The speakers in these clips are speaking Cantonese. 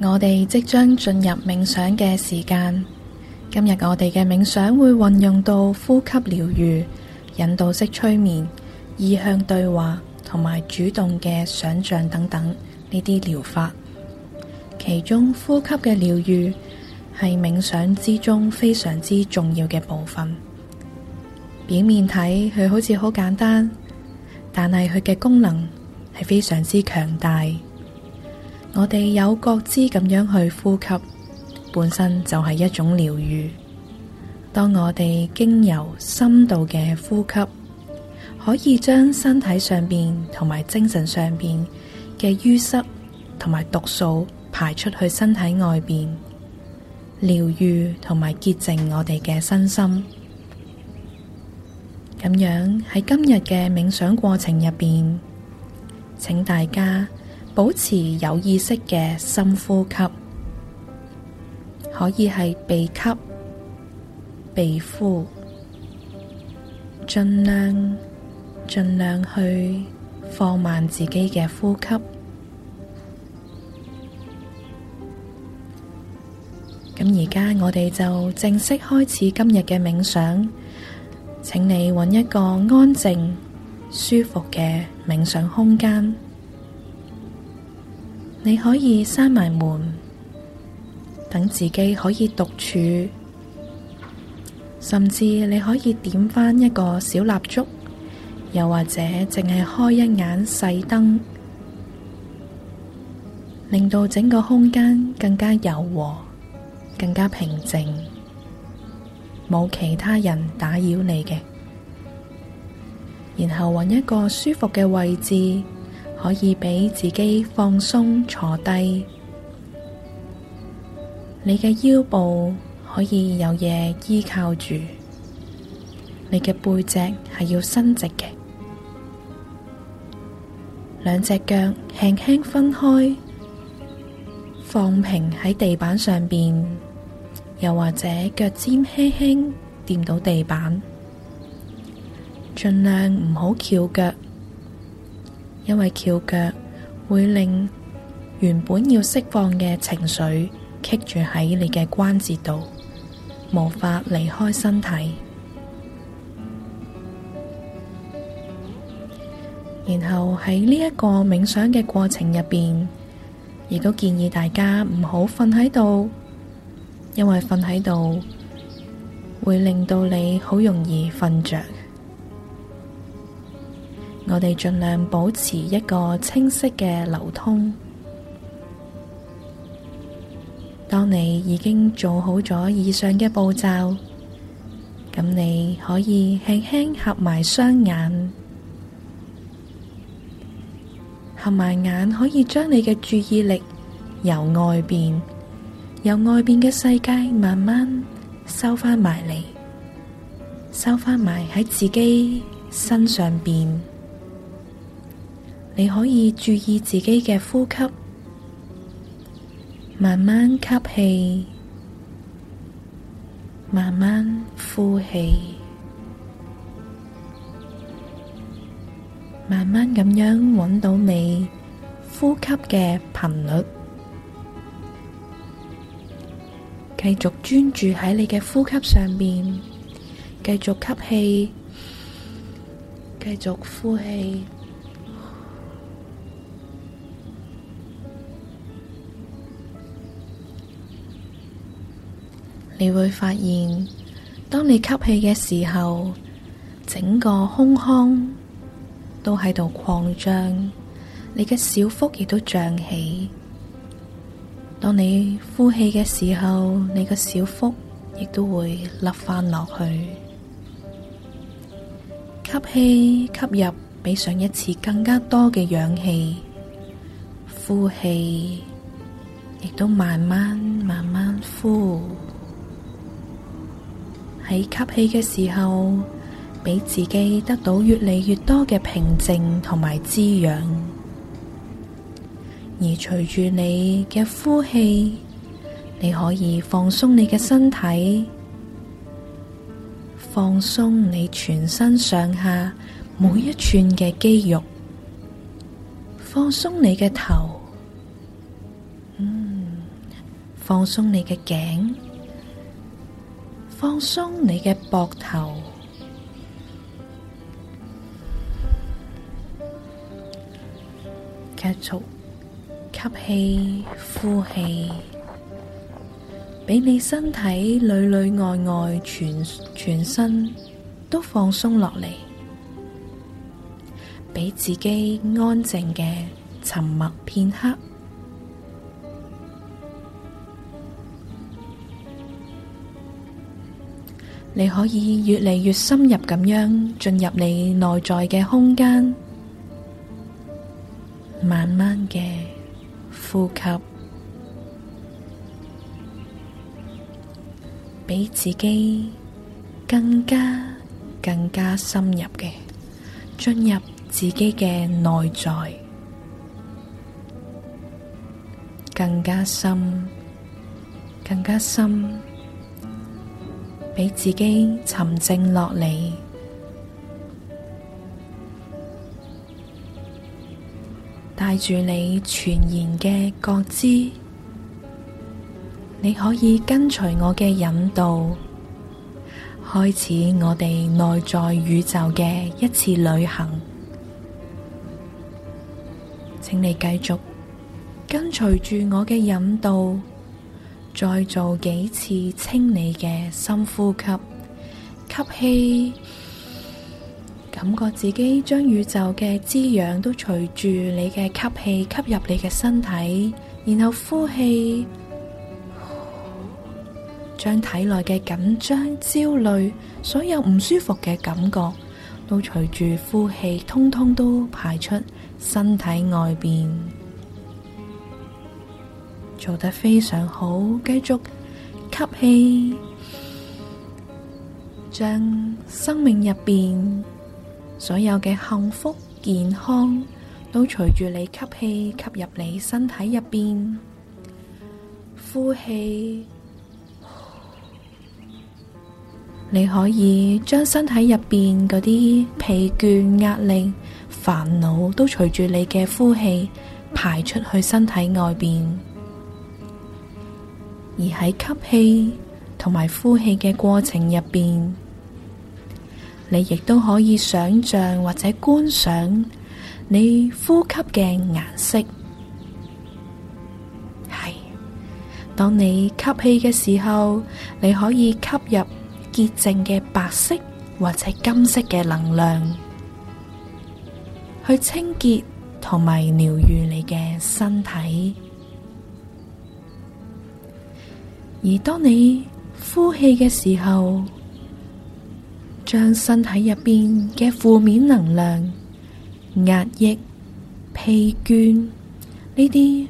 我哋即將進入冥想嘅時間。今日我哋嘅冥想會運用到呼吸療愈、引導式催眠、意向對話同埋主動嘅想象等等呢啲療法。其中呼吸嘅療愈係冥想之中非常之重要嘅部分。表面睇佢好似好簡單，但係佢嘅功能係非常之強大。我哋有覺知咁樣去呼吸，本身就係一種療愈。當我哋經由深度嘅呼吸，可以將身體上面同埋精神上面嘅淤塞同埋毒素排出去身體外面，療愈同埋潔淨我哋嘅身心。咁樣喺今日嘅冥想過程入面，請大家，保持有意識嘅深呼吸，可以係鼻吸、鼻呼，盡量盡量去放慢自己嘅呼吸。咁而家我哋就正式開始今日嘅冥想，請你揾一個安靜、舒服嘅冥想空間。你可以閂埋門，等自己可以獨處，甚至你可以點翻一個小蠟燭，又或者淨係開一眼細燈，令到整個空間更加柔和、更加平靜，冇其他人打擾你嘅。然後揾一個舒服嘅位置。可以俾自己放鬆坐低，你嘅腰部可以有嘢依靠住，你嘅背脊係要伸直嘅，兩隻腳輕輕分開，放平喺地板上面，又或者腳尖輕輕掂到地板，盡量唔好翹腳。因為翹腳會令原本要釋放嘅情緒棘住喺你嘅關節度，無法離開身體。然後喺呢一個冥想嘅過程入邊，亦都建議大家唔好瞓喺度，因為瞓喺度會令到你好容易瞓着。我哋盡量保持一個清晰嘅流通。當你已經做好咗以上嘅步驟，咁你可以輕輕合埋雙眼，合埋眼可以將你嘅注意力由外邊，由外邊嘅世界慢慢收返埋嚟，收返埋喺自己身上邊。你可以注意自己嘅呼吸，慢慢吸氣，慢慢呼氣，慢慢咁樣揾到你呼吸嘅頻率，繼續專注喺你嘅呼吸上面，繼續吸氣，繼續呼氣。你會發現，當你吸氣嘅時候，整個胸腔都喺度擴張，你嘅小腹亦都脹起。當你呼氣嘅時候，你嘅小腹亦都會凹翻落去。吸氣吸入比上一次更加多嘅氧氣，呼氣亦都慢慢慢慢呼。你吸氣嘅時候，俾自己得到越嚟越多嘅平靜同埋滋養，而隨住你嘅呼氣，你可以放鬆你嘅身體，放鬆你全身上下每一寸嘅肌肉，放鬆你嘅頭，嗯，放鬆你嘅頸。放鬆你嘅膊頭，繼續吸氣，呼氣，俾你身體裏裏外外全全身都放鬆落嚟，俾自己安靜嘅沉默片刻。你可以越嚟越深入咁樣進入你內在嘅空間，慢慢嘅呼吸，俾自己更加更加深入嘅進入自己嘅內在，更加深，更加深。畀自己沉靜落嚟，帶住你全然嘅覺知，你可以跟隨我嘅引導，開始我哋內在宇宙嘅一次旅行。請你繼續跟隨住我嘅引導。再做幾次清理嘅深呼吸，吸氣，感覺自己將宇宙嘅滋養都隨住你嘅吸氣吸入你嘅身體，然後呼氣，將體內嘅緊張、焦慮、所有唔舒服嘅感覺，都隨住呼氣，通通都排出身體外邊。做得非常好，繼續吸氣，將生命入邊所有嘅幸福、健康，都隨住你吸氣吸入你身體入邊，呼氣，你可以將身體入邊嗰啲疲倦、壓力、煩惱，都隨住你嘅呼氣排出去身體外邊。而喺吸氣同埋呼氣嘅過程入邊，你亦都可以想象或者觀想你呼吸嘅顏色。係，當你吸氣嘅時候，你可以吸入潔淨嘅白色或者金色嘅能量，去清潔同埋療愈你嘅身體。而當你呼氣嘅時候，將身體入邊嘅負面能量壓抑、疲倦呢啲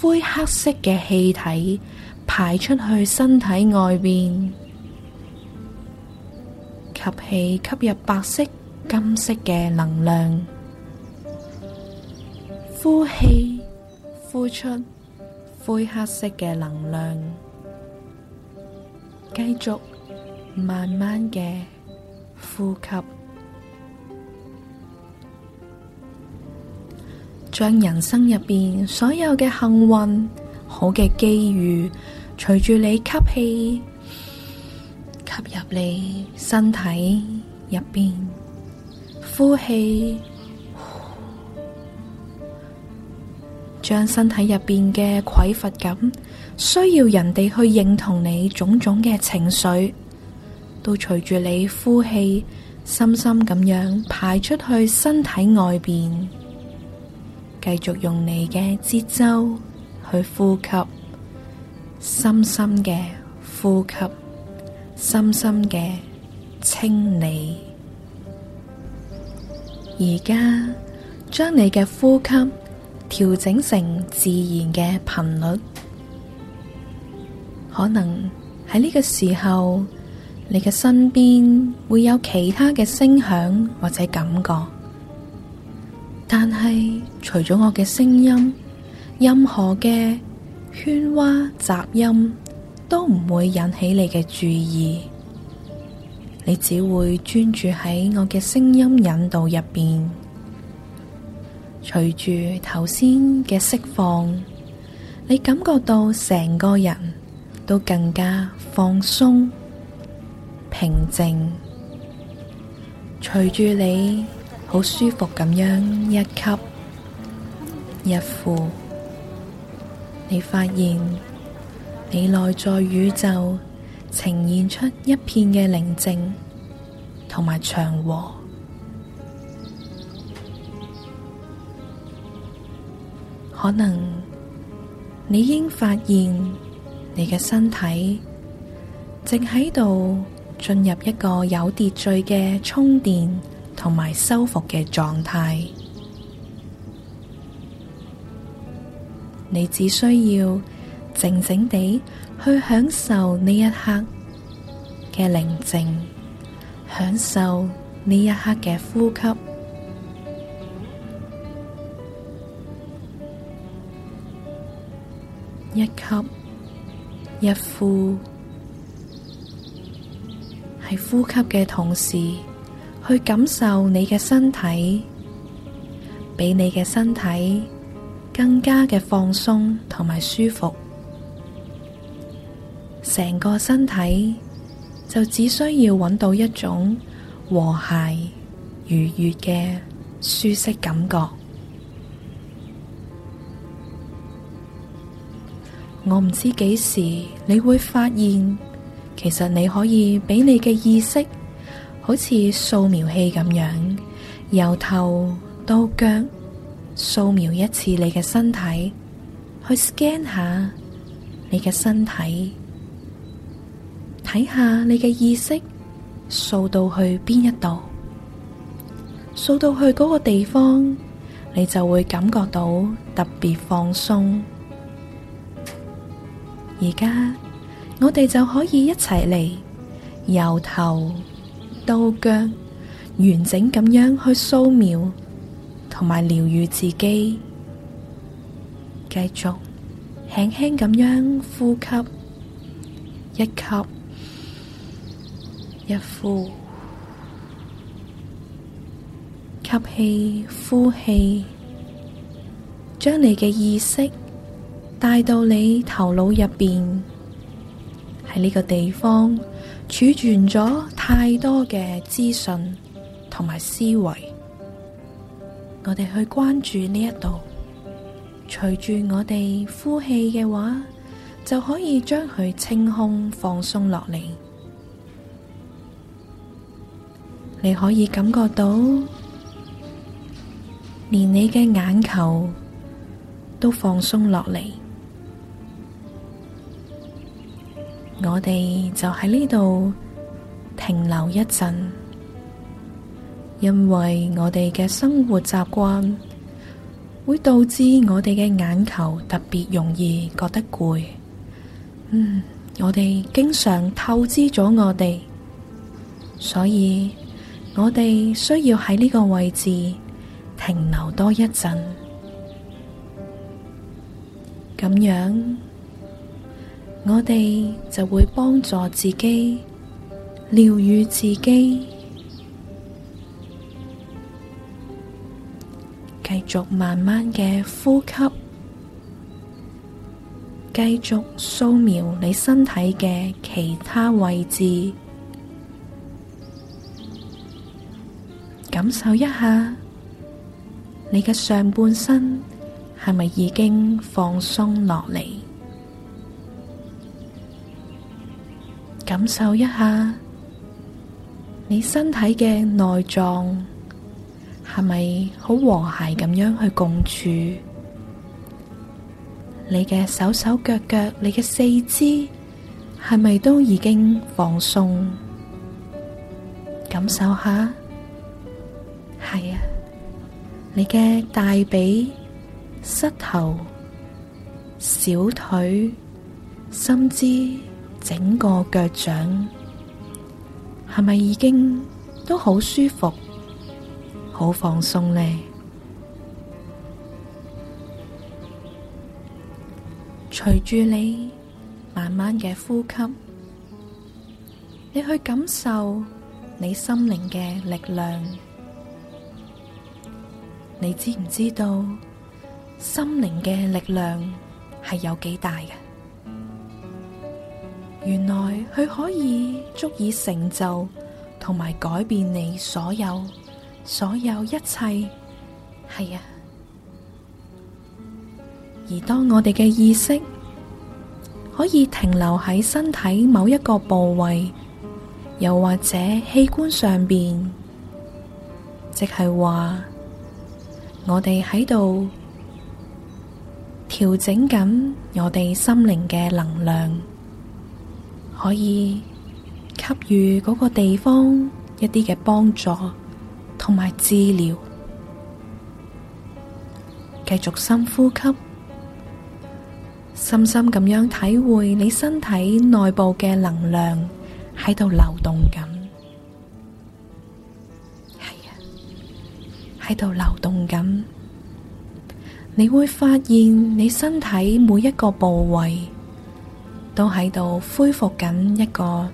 灰黑色嘅氣體排出去身體外邊，吸氣吸入白色、金色嘅能量，呼氣呼出灰黑色嘅能量。繼續慢慢嘅呼吸，將人生入邊所有嘅幸運、好嘅機遇，隨住你吸氣，吸入你身體入邊，呼氣。將身體入邊嘅匱乏感，需要人哋去認同你種種嘅情緒，都隨住你呼氣，深深咁樣排出去身體外邊，繼續用你嘅節奏去呼吸，深深嘅呼吸，深深嘅清理。而家將你嘅呼吸。調整成自然嘅頻率，可能喺呢個時候，你嘅身邊會有其他嘅聲響或者感覺，但係除咗我嘅聲音，任何嘅喧嘩雜音都唔會引起你嘅注意，你只會專注喺我嘅聲音引導入面。隨住頭先嘅釋放，你感覺到成個人都更加放鬆、平靜。隨住你好舒服咁樣一吸一呼，你發現你內在宇宙呈現出一片嘅寧靜同埋祥和。可能你已經發現你嘅身體正喺度進入一個有秩序嘅充電同埋修復嘅狀態。你只需要靜靜地去享受呢一刻嘅寧靜，享受呢一刻嘅呼吸。一吸一呼，喺呼吸嘅同時，去感受你嘅身體，俾你嘅身體更加嘅放鬆同埋舒服，成個身體就只需要揾到一種和諧、愉悅嘅舒適感覺。我唔知幾時你會發現，其實你可以俾你嘅意識，好似掃描器咁樣，由頭到腳掃描一次你嘅身體，去 scan 下你嘅身體，睇下你嘅意識掃到去邊一度，掃到去嗰個地方，你就會感覺到特別放鬆。而家我哋就可以一齊嚟，由頭到腳，完整咁樣去掃描同埋療愈自己。繼續輕輕咁樣呼吸，一吸一呼，吸氣呼氣，將你嘅意識。帶到你頭腦入面，喺呢個地方儲存咗太多嘅資訊同埋思維，我哋去關注呢一度，隨住我哋呼氣嘅話，就可以將佢清空放鬆落嚟。你可以感覺到，連你嘅眼球都放鬆落嚟。我哋就喺呢度停留一陣，因為我哋嘅生活習慣會導致我哋嘅眼球特別容易覺得攰。嗯，我哋經常透支咗我哋，所以我哋需要喺呢個位置停留多一陣，咁樣。我哋就會幫助自己療癒自己，繼續慢慢嘅呼吸，繼續掃描你身體嘅其他位置，感受一下你嘅上半身係咪已經放鬆落嚟。感受一下你身體嘅內臟係咪好和諧咁樣去共處？你嘅手手腳腳、你嘅四肢係咪都已經放鬆？感受下，係啊，你嘅大髀、膝頭、小腿、心肢。整個腳掌係咪已經都好舒服、好放鬆咧？隨住你慢慢嘅呼吸，你去感受你心靈嘅力量。你知唔知道心靈嘅力量係有幾大嘅？原來佢可以足以成就同埋改變你所有所有一切，係啊！而當我哋嘅意識可以停留喺身體某一個部位，又或者器官上邊，即係話我哋喺度調整緊我哋心靈嘅能量。可以給予嗰個地方一啲嘅幫助同埋治療，繼續深呼吸，深深咁樣體會你身體內部嘅能量喺度流動緊，係啊，喺度流動緊，你會發現你身體每一個部位。都喺度恢復緊一個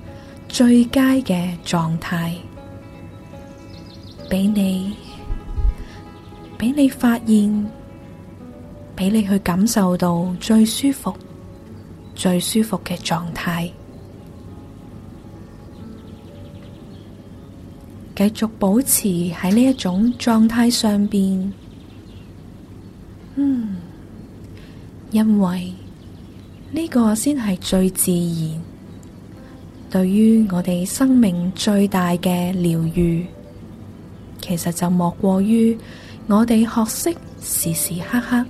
最佳嘅狀態，俾你俾你發現，俾你去感受到最舒服、最舒服嘅狀態，繼續保持喺呢一種狀態上面。嗯，因為。呢個先係最自然，對於我哋生命最大嘅療癒，其實就莫過於我哋學識時時刻刻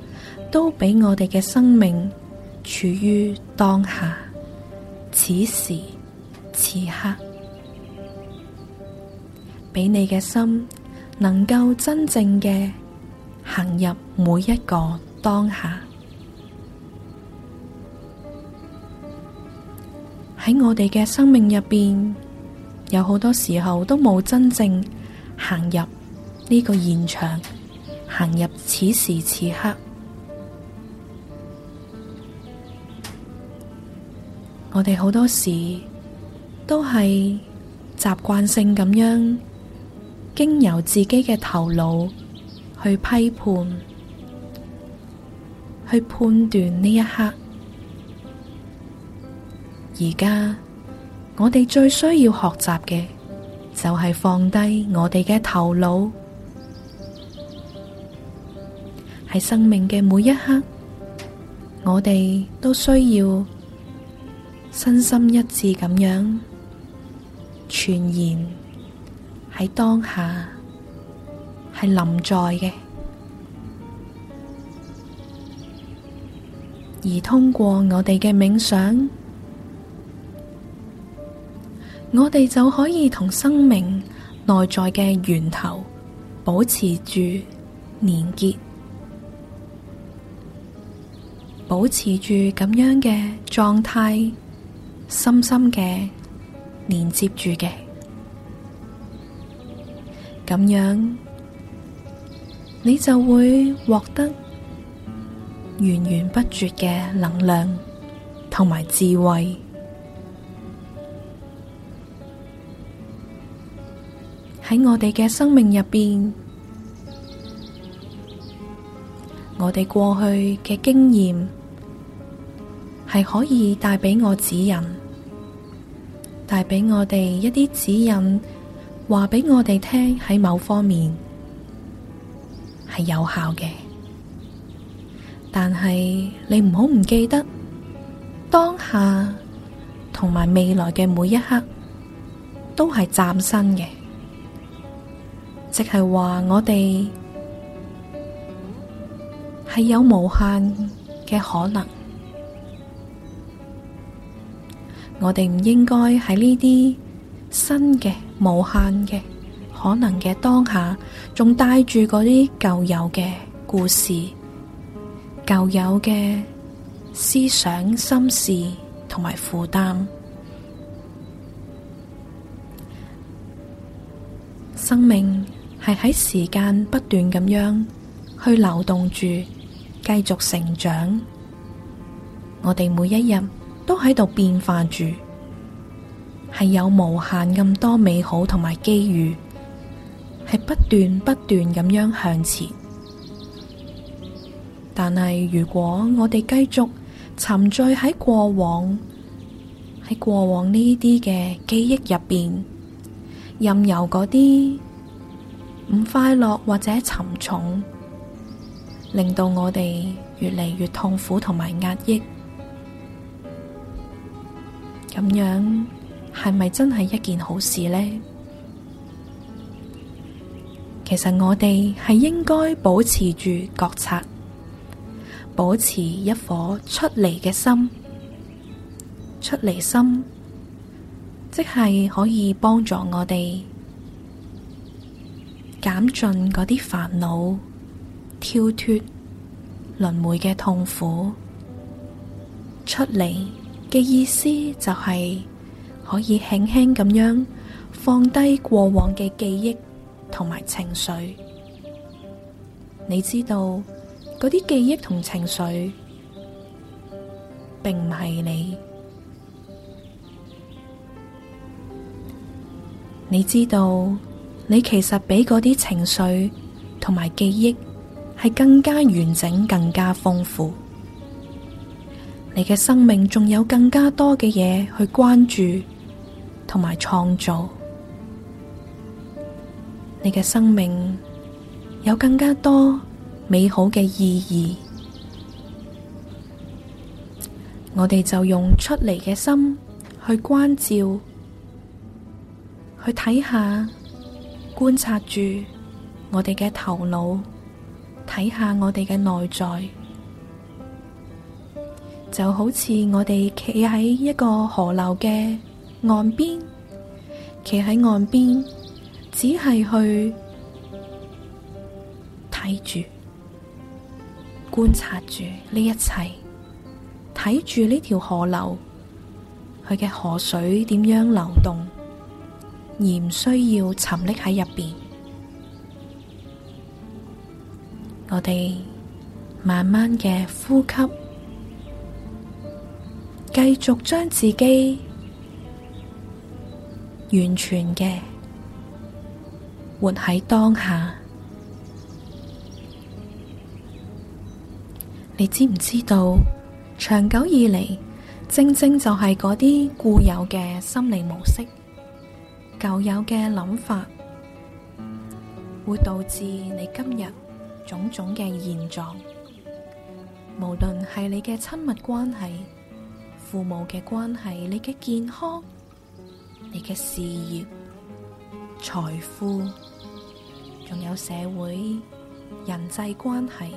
都俾我哋嘅生命處於當下、此時此刻，俾你嘅心能夠真正嘅行入每一個當下。喺我哋嘅生命入邊，有好多時候都冇真正行入呢個現場，行入此時此刻。我哋好多時都係習慣性咁樣經由自己嘅頭腦去批判、去判斷呢一刻。而家我哋最需要學習嘅，就係、是、放低我哋嘅頭腦，喺生命嘅每一刻，我哋都需要身心一致咁樣，全然喺當下，係臨在嘅，而通過我哋嘅冥想。我哋就可以同生命內在嘅源頭保持住連結，保持住咁樣嘅狀態，深深嘅連接住嘅，咁樣你就會獲得源源不絕嘅能量同埋智慧。喺我哋嘅生命入邊，我哋過去嘅經驗係可以帶俾我指引，帶俾我哋一啲指引，話俾我哋聽喺某方面係有效嘅。但係你唔好唔記得，當下同埋未來嘅每一刻都係嶄新嘅。即係話，我哋係有無限嘅可能。我哋唔應該喺呢啲新嘅、無限嘅可能嘅當下，仲帶住嗰啲舊有嘅故事、舊有嘅思想、心事同埋負擔、生命。係喺時間不斷咁樣去流動住，繼續成長。我哋每一日都喺度變化住，係有無限咁多美好同埋機遇，係不斷不斷咁樣向前。但係如果我哋繼續沉醉喺過往，喺過往呢啲嘅記憶入邊，任由嗰啲唔快樂或者沉重，令到我哋越嚟越痛苦同埋壓抑，咁樣係咪真係一件好事呢？其實我哋係應該保持住覺察，保持一顆出嚟嘅心，出嚟心即係可以幫助我哋。諗盡嗰啲煩惱，跳脫輪迴嘅痛苦，出嚟嘅意思就係、是、可以輕輕咁樣放低過往嘅記憶同埋情緒。你知道嗰啲記憶同情緒並唔係你，你知道。你其實比嗰啲情緒同埋記憶係更加完整、更加豐富。你嘅生命仲有更加多嘅嘢去關注同埋創造。你嘅生命有更加多美好嘅意義。我哋就用出嚟嘅心去關照，去睇下。觀察住我哋嘅頭腦，睇下我哋嘅內在，就好似我哋企喺一個河流嘅岸邊，企喺岸邊，只係去睇住、觀察住呢一切，睇住呢條河流，佢嘅河水點樣流動。而唔需要沉溺喺入邊，我哋慢慢嘅呼吸，繼續將自己完全嘅活喺當下。你知唔知道？長久以嚟，正正就係嗰啲固有嘅心理模式。舊有嘅諗法，會導致你今日種種嘅現狀。無論係你嘅親密關係、父母嘅關係、你嘅健康、你嘅事業、財富，仲有社會、人際關係，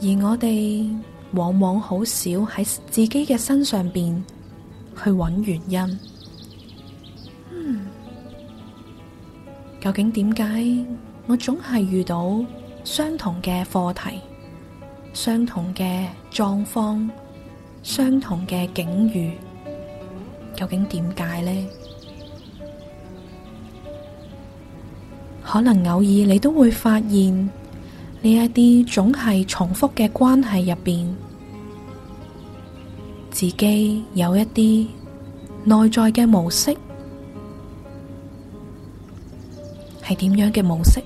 而我哋。往往好少喺自己嘅身上邊去搵原因。嗯，究竟點解我總係遇到相同嘅課題、相同嘅狀況、相同嘅境遇？究竟點解呢？可能偶爾你都會發現。呢一啲總係重複嘅關係入邊，自己有一啲內在嘅模式，係點樣嘅模式？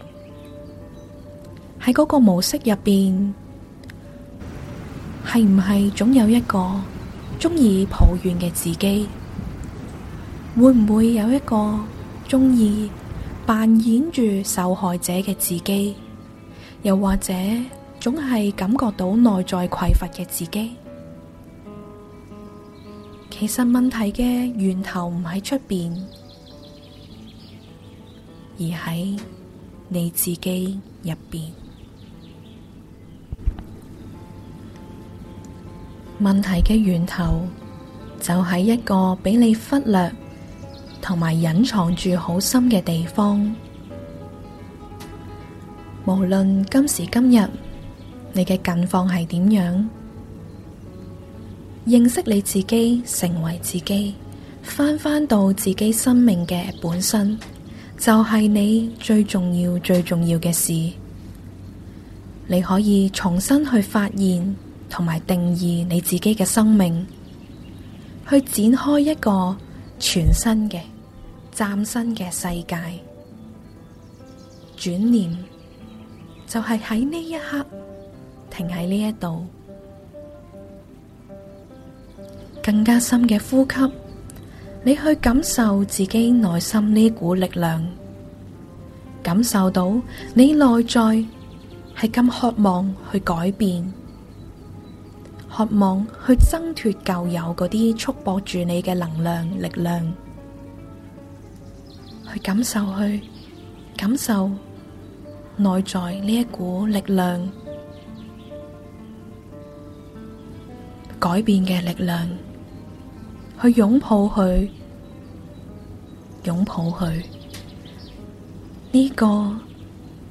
喺嗰個模式入邊，係唔係總有一個鍾意抱怨嘅自己？會唔會有一個鍾意扮演住受害者嘅自己？又或者，總係感覺到內在匱乏嘅自己，其實問題嘅源頭唔喺出邊，而喺你自己入邊。問題嘅源頭就喺一個俾你忽略同埋隱藏住好深嘅地方。無論今時今日，你嘅近況係點樣，認識你自己，成為自己，返返到自己生命嘅本身，就係你最重要、最重要嘅事。你可以重新去發現同埋定義你自己嘅生命，去展開一個全新嘅嶄新嘅世界。轉念。就係喺呢一刻停喺呢一度，更加深嘅呼吸，你去感受自己內心呢股力量，感受到你內在係咁渴望去改變，渴望去掙脫舊有嗰啲束縛住你嘅能量力量，去感受去感受。內在呢一股力量，改變嘅力量，去擁抱佢，擁抱佢，呢個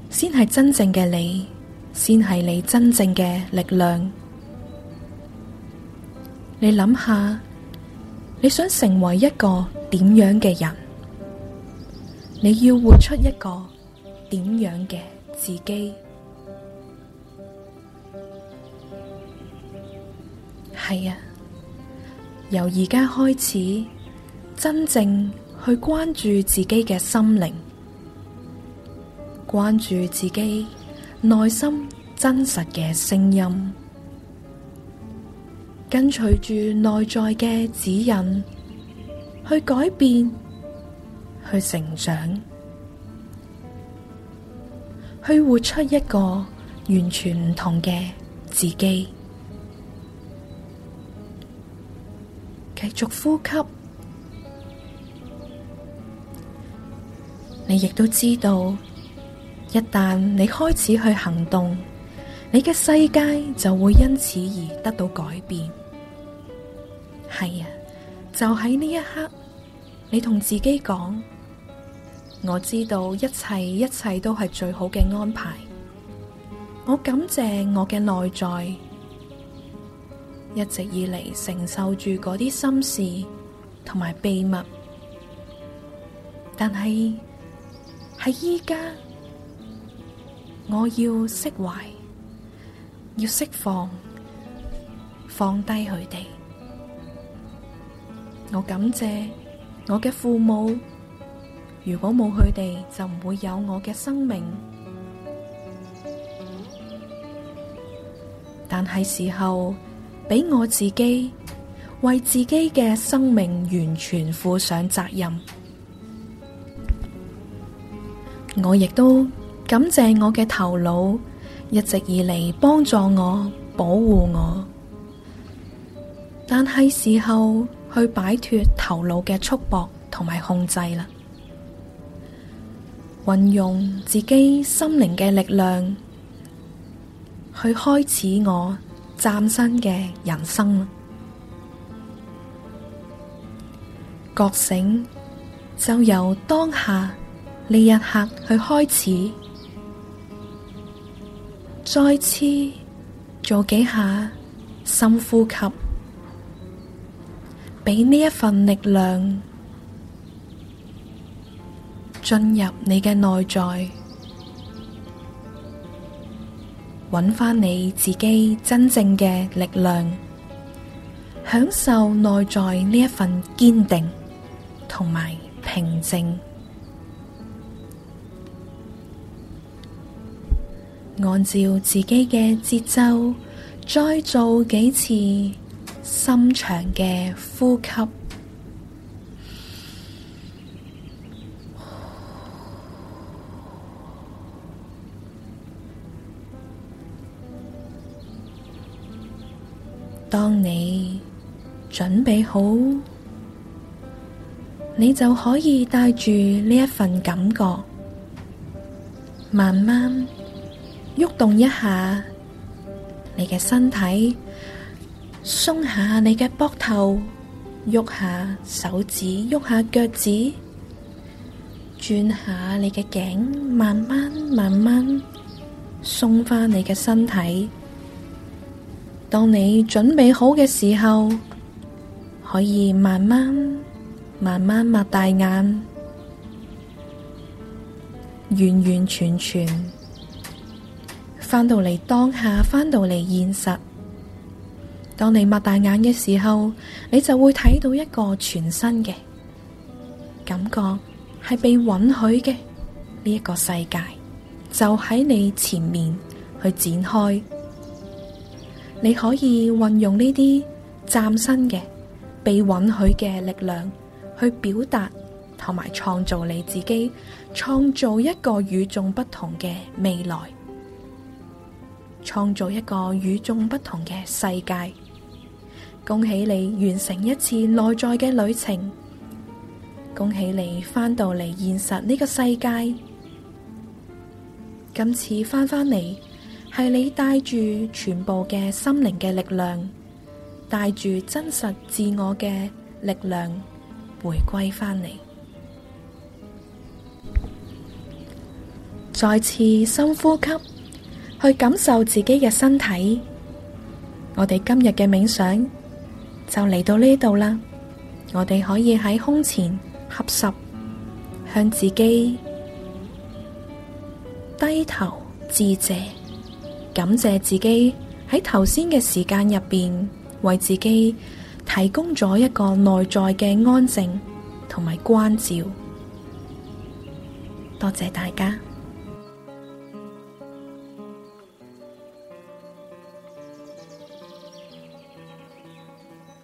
先係真正嘅你，先係你真正嘅力量。你諗下，你想成為一個點樣嘅人？你要活出一個點樣嘅？自己係啊，由而家開始，真正去關注自己嘅心靈，關注自己內心真實嘅聲音，跟隨住內在嘅指引，去改變，去成長。去活出一個完全唔同嘅自己，繼續呼吸。你亦都知道，一旦你開始去行動，你嘅世界就會因此而得到改變。係啊，就喺呢一刻，你同自己講。我知道一切一切都係最好嘅安排，我感謝我嘅內在一直以嚟承受住嗰啲心事同埋秘密，但係喺依家我要釋懷，要釋放，放低佢哋。我感謝我嘅父母。如果冇佢哋，就唔會有我嘅生命。但係時候俾我自己為自己嘅生命完全負上責任。我亦都感謝我嘅頭腦一直以嚟幫助我、保護我。但係時候去擺脫頭腦嘅束縛同埋控制啦。運用自己心靈嘅力量，去開始我嶄新嘅人生啦！覺醒就由當下呢一刻去開始，再次做幾下深呼吸，俾呢一份力量。進入你嘅內在，揾翻你自己真正嘅力量，享受內在呢一份堅定同埋平靜。按照自己嘅節奏，再做幾次深長嘅呼吸。準備好，你就可以帶住呢一份感覺，慢慢喐動一下你嘅身體，鬆下你嘅膊頭，喐下手指，喐下腳趾，轉下你嘅頸，慢慢慢慢鬆翻你嘅身體。當你準備好嘅時候。可以慢慢、慢慢擘大眼，完完全全翻到嚟當下，翻到嚟現實。當你擘大眼嘅時候，你就會睇到一個全新嘅感覺，係被允許嘅呢一個世界，就喺你前面去展開。你可以運用呢啲嶄新嘅。被允許嘅力量去表達同埋創造你自己，創造一個與眾不同嘅未來，創造一個與眾不同嘅世界。恭喜你完成一次內在嘅旅程，恭喜你翻到嚟現實呢個世界。今次翻返嚟，係你帶住全部嘅心靈嘅力量。帶住真實自我嘅力量回歸翻嚟，再次深呼吸，去感受自己嘅身體。我哋今日嘅冥想就嚟到呢度啦。我哋可以喺胸前合十，向自己低頭致謝，感謝自己喺頭先嘅時間入邊。為自己提供咗一個內在嘅安靜同埋關照，多謝大家。